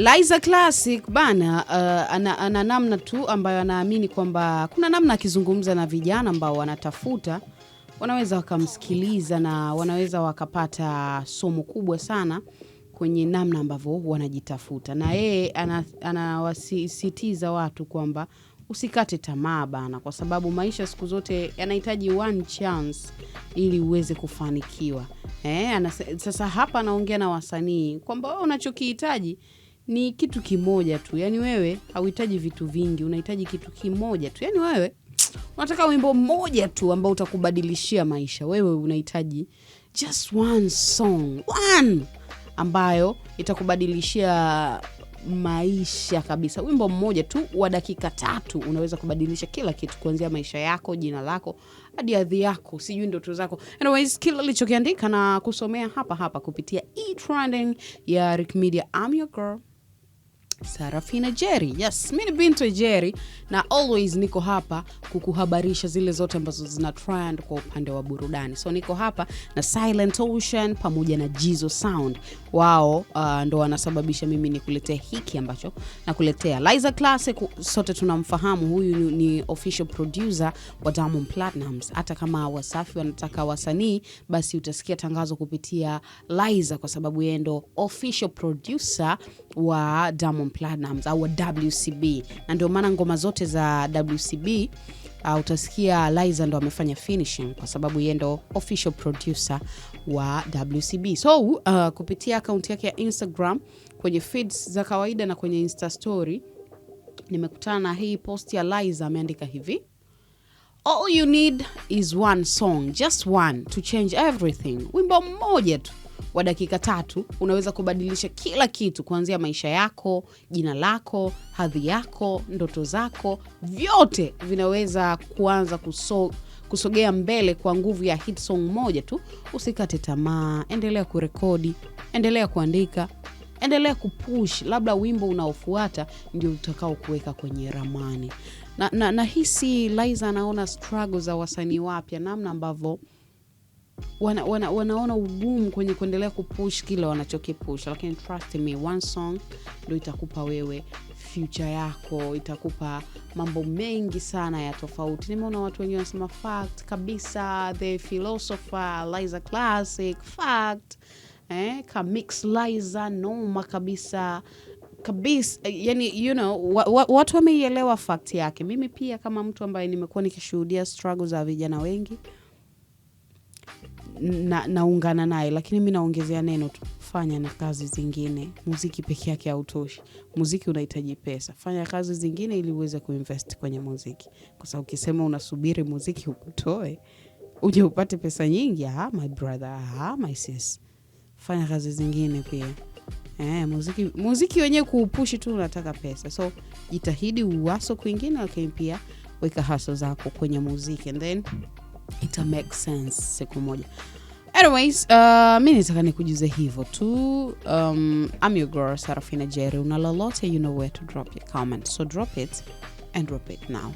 Liza Classic bana uh, ana, ana namna tu ambayo anaamini kwamba kuna namna akizungumza na vijana ambao wanatafuta wanaweza wakamsikiliza na wanaweza wakapata somo kubwa sana kwenye namna ambavyo wanajitafuta, na yeye anawasisitiza watu kwamba usikate tamaa bana, kwa sababu maisha siku zote yanahitaji one chance ili uweze kufanikiwa. Eh, anasa, sasa hapa anaongea na wasanii kwamba wewe unachokihitaji ni kitu kimoja tu, yaani wewe hauhitaji vitu vingi, unahitaji kitu kimoja tu, yaani wewe unataka wimbo mmoja tu ambao utakubadilishia maisha. Wewe unahitaji just one song, one ambayo itakubadilishia maisha kabisa. Wimbo mmoja tu wa dakika tatu unaweza kubadilisha kila kitu, kuanzia maisha yako, jina lako, hadi adhi yako, sijui ndoto zako. Anyways, kila lichokiandika na kusomea hapa hapa kupitia e-trending ya Rick Media. I'm your girl Sarafina Jerry. Yes, mi ni bintu Jerry na always niko hapa kukuhabarisha zile zote ambazo zina trend kwa upande wa burudani. So niko hapa na Silent Ocean pamoja na Jizo Sound, wao uh, ndo wanasababisha mimi nikuletea hiki ambacho nakuletea. Liza Class sote tunamfahamu huyu ni, ni official producer wa Diamond platinums Hata kama Wasafi wanataka wasanii, basi utasikia tangazo kupitia Liza kwa sababu yeye ndo official producer wa Diamond Diamond Platnumz au WCB, na ndio maana ngoma zote za WCB uh, utasikia Liza ndo amefanya finishing kwa sababu yeye ndo official producer wa WCB. So uh, kupitia akaunti yake ya Instagram kwenye feeds za kawaida na kwenye Insta story nimekutana na hii post ya Liza ameandika hivi: All you need is one song, just one to change everything. Wimbo mmoja tu wa dakika tatu unaweza kubadilisha kila kitu, kuanzia maisha yako, jina lako, hadhi yako, ndoto zako, vyote vinaweza kuanza kuso, kusogea mbele kwa nguvu ya hit song moja tu. Usikate tamaa, endelea kurekodi, endelea kuandika, endelea kupush. Labda wimbo unaofuata ndio utakao kuweka kwenye ramani. Na, na, hisi Liza anaona struggle za wasanii wapya, namna ambavyo wana, wana, wanaona ugumu kwenye kuendelea kupush kile wanachokipush, lakini trust me, one song ndo itakupa wewe future yako, itakupa mambo mengi sana ya tofauti. Nimeona watu wengi wanasema fact kabisa, the philosopher Liza Classic fact eh, kamix Liza noma kabisa kabisa yani, you know, wa, wa, watu wameielewa fact yake. Mimi pia kama mtu ambaye nimekuwa nikishuhudia struggle za vijana wengi na, naungana naye, lakini mi naongezea neno tu, fanya na kazi zingine. Muziki peke yake hautoshi, muziki unahitaji pesa. Fanya kazi zingine ili uweze kuinvest kwenye muziki, kwa sababu ukisema unasubiri muziki ukutoe uje upate pesa nyingi, ah, my brother, ah, my sis, fanya kazi zingine pia. Eh, muziki muziki wenyewe kuupushi tu unataka pesa, so jitahidi uwaso kwingine, lakini pia weka haso zako kwenye muziki and then ita make sense siku moja. Anyways, uh, mi nitaka nikujuze hivyo tu. Um, I'm your girl Sarafina Jerry. Una lolote, you know where to drop your comment, so drop it and drop it now.